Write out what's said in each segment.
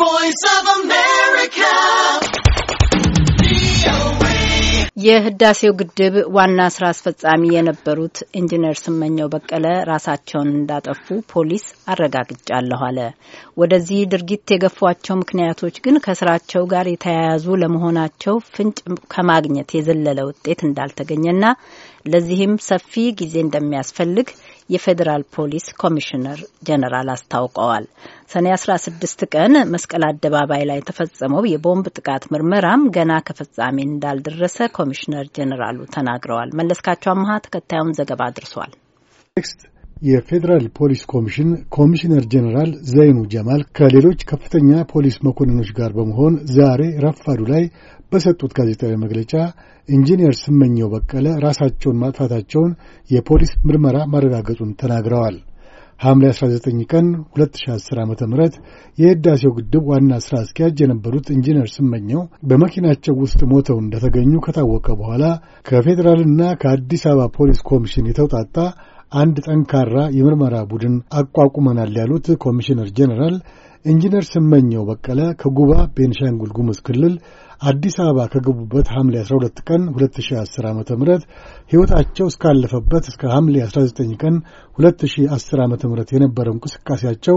voice of America. የህዳሴው ግድብ ዋና ስራ አስፈጻሚ የነበሩት ኢንጂነር ስመኘው በቀለ ራሳቸውን እንዳጠፉ ፖሊስ አረጋግጫለሁ አለ። ወደዚህ ድርጊት የገፏቸው ምክንያቶች ግን ከስራቸው ጋር የተያያዙ ለመሆናቸው ፍንጭ ከማግኘት የዘለለ ውጤት እንዳልተገኘና ለዚህም ሰፊ ጊዜ እንደሚያስፈልግ የፌዴራል ፖሊስ ኮሚሽነር ጀነራል አስታውቀዋል። ሰኔ 16 ቀን መስቀል አደባባይ ላይ የተፈጸመው የቦምብ ጥቃት ምርመራም ገና ከፍጻሜ እንዳልደረሰ ኮሚሽነር ጀነራሉ ተናግረዋል። መለስካቸው አመሀ ተከታዩን ዘገባ አድርሷል። የፌዴራል ፖሊስ ኮሚሽን ኮሚሽነር ጀኔራል ዘይኑ ጀማል ከሌሎች ከፍተኛ ፖሊስ መኮንኖች ጋር በመሆን ዛሬ ረፋዱ ላይ በሰጡት ጋዜጣዊ መግለጫ ኢንጂነር ስመኘው በቀለ ራሳቸውን ማጥፋታቸውን የፖሊስ ምርመራ ማረጋገጡን ተናግረዋል። ሐምሌ 19 ቀን 2010 ዓ ም የህዳሴው ግድብ ዋና ሥራ አስኪያጅ የነበሩት ኢንጂነር ስመኘው በመኪናቸው ውስጥ ሞተው እንደተገኙ ከታወቀ በኋላ ከፌዴራልና ከአዲስ አበባ ፖሊስ ኮሚሽን የተውጣጣ አንድ ጠንካራ የምርመራ ቡድን አቋቁመናል ያሉት ኮሚሽነር ጄኔራል ኢንጂነር ስመኘው በቀለ ከጉባ ቤንሻንጉል ጉሙዝ ክልል አዲስ አበባ ከገቡበት ሐምሌ 12 ቀን 2010 ዓ ም ሕይወታቸው እስካለፈበት እስከ ሐምሌ 19 ቀን 2010 ዓ ም የነበረው እንቅስቃሴያቸው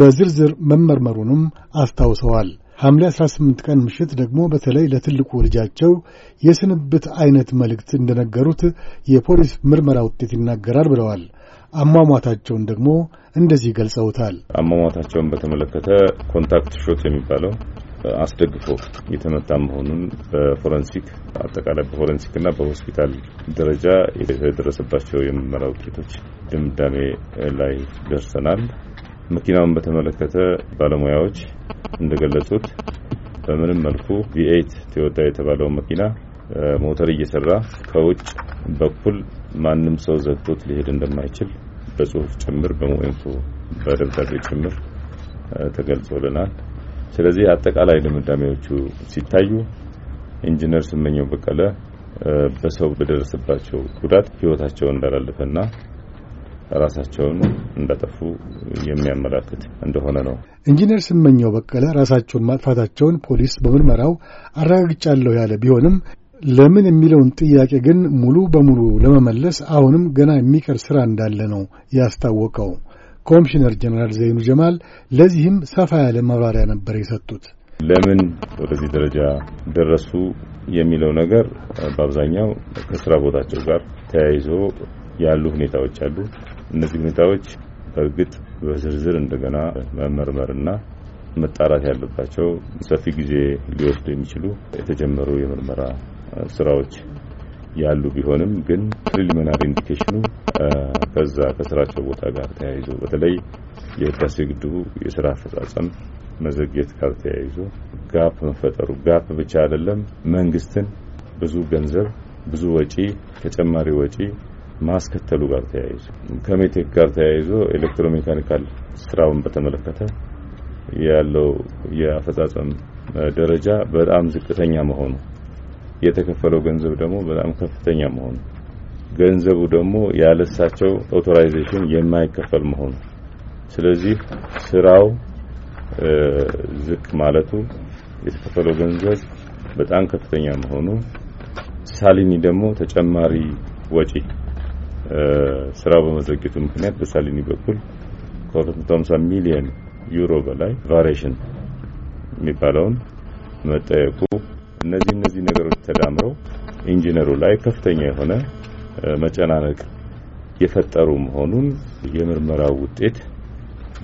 በዝርዝር መመርመሩንም አስታውሰዋል። ሐምሌ 18 ቀን ምሽት ደግሞ በተለይ ለትልቁ ልጃቸው የስንብት አይነት መልእክት እንደነገሩት የፖሊስ ምርመራ ውጤት ይናገራል ብለዋል። አሟሟታቸውን ደግሞ እንደዚህ ገልጸውታል። አሟሟታቸውን በተመለከተ ኮንታክት ሾት የሚባለው አስደግፎ የተመታ መሆኑን በፎረንሲክ አጠቃላይ በፎረንሲክ እና በሆስፒታል ደረጃ የደረሰባቸው የምርመራ ውጤቶች ድምዳሜ ላይ ደርሰናል። መኪናውን በተመለከተ ባለሙያዎች እንደገለጹት በምንም መልኩ ቪኤት ቶዮታ የተባለው መኪና ሞተር እየሰራ ከውጭ በኩል ማንም ሰው ዘግቶት ሊሄድ እንደማይችል በጽሁፍ ጭምር በሞኢንፎ በደብዳቤ ጭምር ተገልጾልናል። ስለዚህ አጠቃላይ ድምዳሜዎቹ ሲታዩ ኢንጂነር ስመኘው በቀለ በሰው በደረሰባቸው ጉዳት ህይወታቸውን እንዳላለፈና ራሳቸውን እንዳጠፉ የሚያመላክት እንደሆነ ነው። ኢንጂነር ስመኘው በቀለ ራሳቸውን ማጥፋታቸውን ፖሊስ በምርመራው አረጋግጫለሁ ያለ ቢሆንም ለምን የሚለውን ጥያቄ ግን ሙሉ በሙሉ ለመመለስ አሁንም ገና የሚቀር ሥራ እንዳለ ነው ያስታወቀው። ኮሚሽነር ጀነራል ዘይኑ ጀማል ለዚህም ሰፋ ያለ መብራሪያ ነበር የሰጡት። ለምን ወደዚህ ደረጃ ደረሱ የሚለው ነገር በአብዛኛው ከስራ ቦታቸው ጋር ተያይዞ ያሉ ሁኔታዎች አሉ። እነዚህ ሁኔታዎች በእርግጥ በዝርዝር እንደገና መመርመርና መጣራት ያለባቸው ሰፊ ጊዜ ሊወስዱ የሚችሉ የተጀመሩ የምርመራ ስራዎች ያሉ ቢሆንም ግን ፕሪሊሚናሪ ኢንዲኬሽኑ ከዛ ከስራቸው ቦታ ጋር ተያይዞ በተለይ የህዳሴ ግድቡ የስራ አፈጻጸም መዘግየት ጋር ተያይዞ ጋፕ መፈጠሩ ጋፕ ብቻ አይደለም፣ መንግስትን ብዙ ገንዘብ ብዙ ወጪ ተጨማሪ ወጪ ማስከተሉ ጋር ተያይዞ ከሜቴክ ጋር ተያይዞ ኤሌክትሮሜካኒካል ስራውን በተመለከተ ያለው የአፈጻጸም ደረጃ በጣም ዝቅተኛ መሆኑ የተከፈለው ገንዘብ ደግሞ በጣም ከፍተኛ መሆኑ ገንዘቡ ደግሞ ያለሳቸው ኦቶራይዜሽን የማይከፈል መሆኑ ስለዚህ ስራው ዝቅ ማለቱ የተከፈለው ገንዘብ በጣም ከፍተኛ መሆኑ ሳሊኒ ደግሞ ተጨማሪ ወጪ ስራው በመዘግየቱ ምክንያት በሳሊኒ በኩል ከ250 ሚሊዮን ዩሮ በላይ ቫሪሽን የሚባለውን መጠየቁ እነዚህ እነዚህ ነገሮች ተዳምረው ኢንጂነሩ ላይ ከፍተኛ የሆነ መጨናነቅ የፈጠሩ መሆኑን የምርመራው ውጤት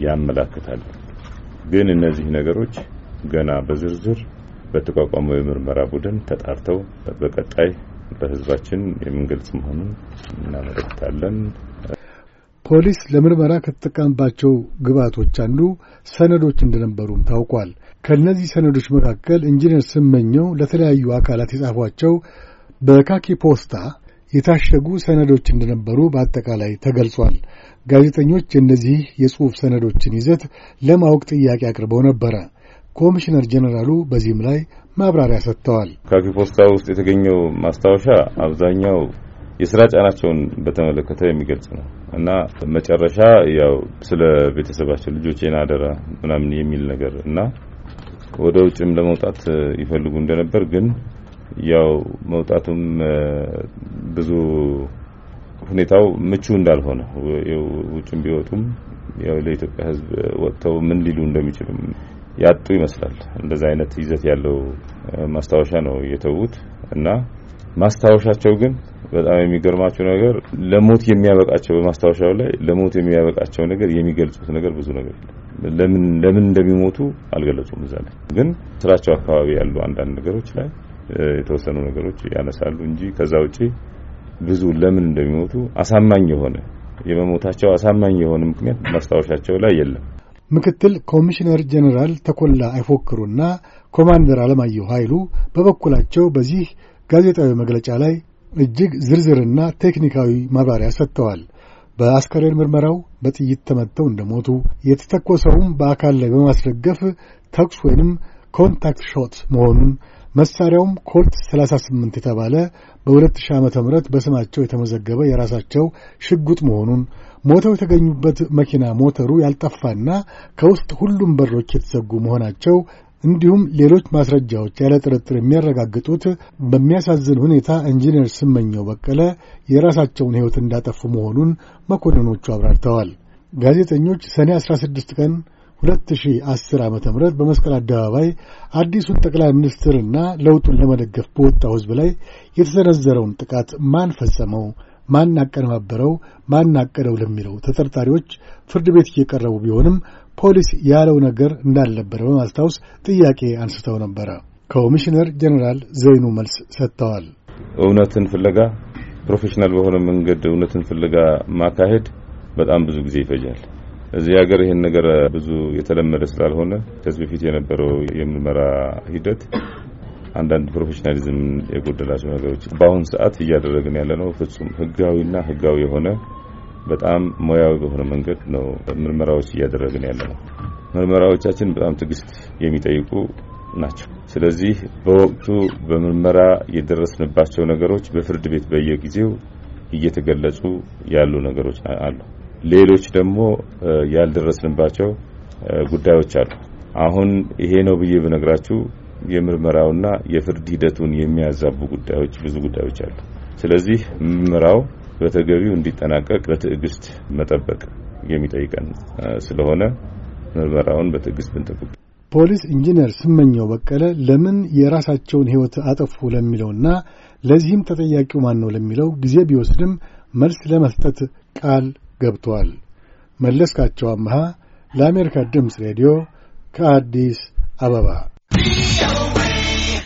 ያመላክታል። ግን እነዚህ ነገሮች ገና በዝርዝር በተቋቋመው የምርመራ ቡድን ተጣርተው በቀጣይ ለሕዝባችን የምንገልጽ መሆኑን እናመለክታለን። ፖሊስ ለምርመራ ከተጠቀምባቸው ግብዓቶች አንዱ ሰነዶች እንደነበሩም ታውቋል። ከእነዚህ ሰነዶች መካከል ኢንጂነር ስመኘው ለተለያዩ አካላት የጻፏቸው በካኪ ፖስታ የታሸጉ ሰነዶች እንደነበሩ በአጠቃላይ ተገልጿል። ጋዜጠኞች የእነዚህ የጽሑፍ ሰነዶችን ይዘት ለማወቅ ጥያቄ አቅርበው ነበረ። ኮሚሽነር ጀኔራሉ በዚህም ላይ ማብራሪያ ሰጥተዋል። ካኪ ፖስታ ውስጥ የተገኘው ማስታወሻ አብዛኛው የስራ ጫናቸውን በተመለከተ የሚገልጽ ነው እና መጨረሻ ያው ስለ ቤተሰባቸው ልጆቼን አደራ ምናምን የሚል ነገር እና ወደ ውጭም ለመውጣት ይፈልጉ እንደነበር ግን ያው መውጣቱም ብዙ ሁኔታው ምቹ እንዳልሆነ ውጭም ቢወጡም ያው ለኢትዮጵያ ሕዝብ ወጥተው ምን ሊሉ እንደሚችሉ ያጡ ይመስላል። እንደዛ አይነት ይዘት ያለው ማስታወሻ ነው የተዉት እና ማስታወሻቸው ግን በጣም የሚገርማቸው ነገር ለሞት የሚያበቃቸው በማስታወሻው ላይ ለሞት የሚያበቃቸው ነገር የሚገልጹት ነገር ብዙ ነገር የለም። ለምን ለምን እንደሚሞቱ አልገለጹም። እዛ ላይ ግን ስራቸው አካባቢ ያሉ አንዳንድ ነገሮች ላይ የተወሰኑ ነገሮች ያነሳሉ እንጂ ከዛ ውጪ ብዙ ለምን እንደሚሞቱ አሳማኝ የሆነ የመሞታቸው አሳማኝ የሆነ ምክንያት ማስታወሻቸው ላይ የለም። ምክትል ኮሚሽነር ጀኔራል ተኮላ አይፎክሩና ኮማንደር አለማየሁ ኃይሉ በበኩላቸው በዚህ ጋዜጣዊ መግለጫ ላይ እጅግ ዝርዝርና ቴክኒካዊ ማብራሪያ ሰጥተዋል። በአስከሬን ምርመራው በጥይት ተመተው እንደሞቱ የተተኮሰውም በአካል ላይ በማስደገፍ ተኩስ ወይንም ኮንታክት ሾት መሆኑን መሳሪያውም ኮልት 38 የተባለ በ2000 ዓ ም በስማቸው የተመዘገበ የራሳቸው ሽጉጥ መሆኑን ሞተው የተገኙበት መኪና ሞተሩ ያልጠፋና ከውስጥ ሁሉም በሮች የተዘጉ መሆናቸው እንዲሁም ሌሎች ማስረጃዎች ያለ ጥርጥር የሚያረጋግጡት በሚያሳዝን ሁኔታ ኢንጂነር ስመኘው በቀለ የራሳቸውን ሕይወት እንዳጠፉ መሆኑን መኮንኖቹ አብራርተዋል። ጋዜጠኞች ሰኔ 16 ቀን 2010 ዓ ም በመስቀል አደባባይ አዲሱን ጠቅላይ ሚኒስትርና ለውጡን ለመደገፍ በወጣው ሕዝብ ላይ የተሰነዘረውን ጥቃት ማን ፈጸመው፣ ማን አቀነባበረው፣ ማን አቀደው ለሚለው ተጠርጣሪዎች ፍርድ ቤት እየቀረቡ ቢሆንም ፖሊስ ያለው ነገር እንዳልነበረ በማስታወስ ጥያቄ አንስተው ነበረ። ኮሚሽነር ጀኔራል ዘይኑ መልስ ሰጥተዋል። እውነትን ፍለጋ ፕሮፌሽናል በሆነ መንገድ እውነትን ፍለጋ ማካሄድ በጣም ብዙ ጊዜ ይፈጃል። እዚህ ሀገር ይህን ነገር ብዙ የተለመደ ስላልሆነ ከዚህ በፊት የነበረው የምርመራ ሂደት አንዳንድ ፕሮፌሽናሊዝም የጎደላቸው ነገሮች በአሁን ሰዓት እያደረግን ያለ ነው ፍጹም ህጋዊና ህጋዊ የሆነ በጣም ሙያዊ በሆነ መንገድ ነው ምርመራዎች እያደረግን ያለ ነው። ምርመራዎቻችን በጣም ትዕግስት የሚጠይቁ ናቸው። ስለዚህ በወቅቱ በምርመራ የደረስንባቸው ነገሮች በፍርድ ቤት በየጊዜው እየተገለጹ ያሉ ነገሮች አሉ። ሌሎች ደግሞ ያልደረስንባቸው ጉዳዮች አሉ። አሁን ይሄ ነው ብዬ ብነግራችሁ የምርመራውና የፍርድ ሂደቱን የሚያዛቡ ጉዳዮች ብዙ ጉዳዮች አሉ። ስለዚህ ምርመራው በተገቢው እንዲጠናቀቅ በትዕግስት መጠበቅ የሚጠይቀን ስለሆነ ምርመራውን በትዕግስት ብንጠብቅ። ፖሊስ ኢንጂነር ስመኘው በቀለ ለምን የራሳቸውን ሕይወት አጠፉ ለሚለውና ለዚህም ተጠያቂው ማን ነው ለሚለው ጊዜ ቢወስድም መልስ ለመስጠት ቃል ገብተዋል። መለስካቸው አምሃ ለአሜሪካ ድምፅ ሬዲዮ ከአዲስ አበባ